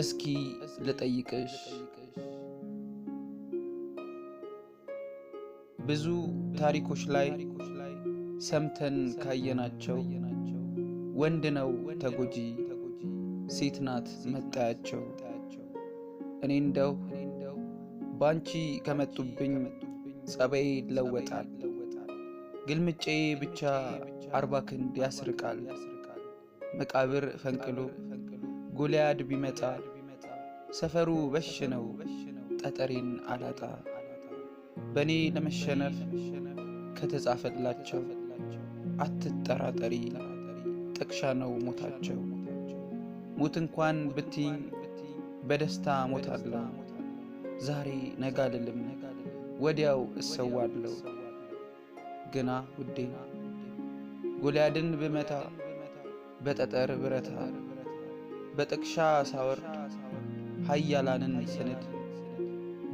እስኪ ልጠይቅሽ ብዙ ታሪኮች ላይ ሰምተን ካየናቸው ወንድ ነው ተጎጂ፣ ሴት ናት መጣያቸው። እኔ እንደው ባንቺ ከመጡብኝ ጸበይ ይለወጣል፣ ግልምጬ ብቻ አርባ ክንድ ያስርቃል መቃብር ፈንቅሎ ጎልያድ ቢመጣ ሰፈሩ በሽ ነው ጠጠሬን አላጣ በእኔ ለመሸነፍ ከተጻፈላቸው አትጠራጠሪ ጥቅሻ ነው ሞታቸው። ሞት እንኳን ብትይ በደስታ ሞታለሁ። ዛሬ ነጋልልም ወዲያው እሰዋለሁ። ግና ውዴ ጎልያድን ብመታ በጠጠር ብረታ በጥቅሻ ሳወርድ ኃያላንን ስንድ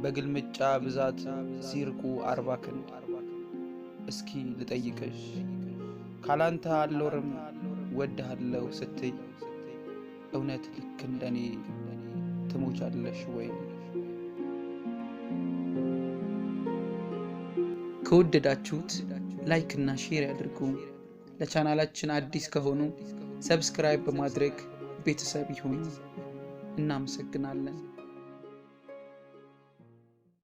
በግልምጫ ብዛት ሲርቁ አርባ ክንድ እስኪ ልጠይቅሽ ካላንተ አልኖርም ወድሃለው ስትይ እውነት ልክ እንደኔ ትሞቻለሽ ወይ? ከወደዳችሁት ላይክ እና ሼር ያድርጉ። ለቻናላችን አዲስ ከሆኑ ሰብስክራይብ በማድረግ ቤተሰብ ይሁን። እናመሰግናለን።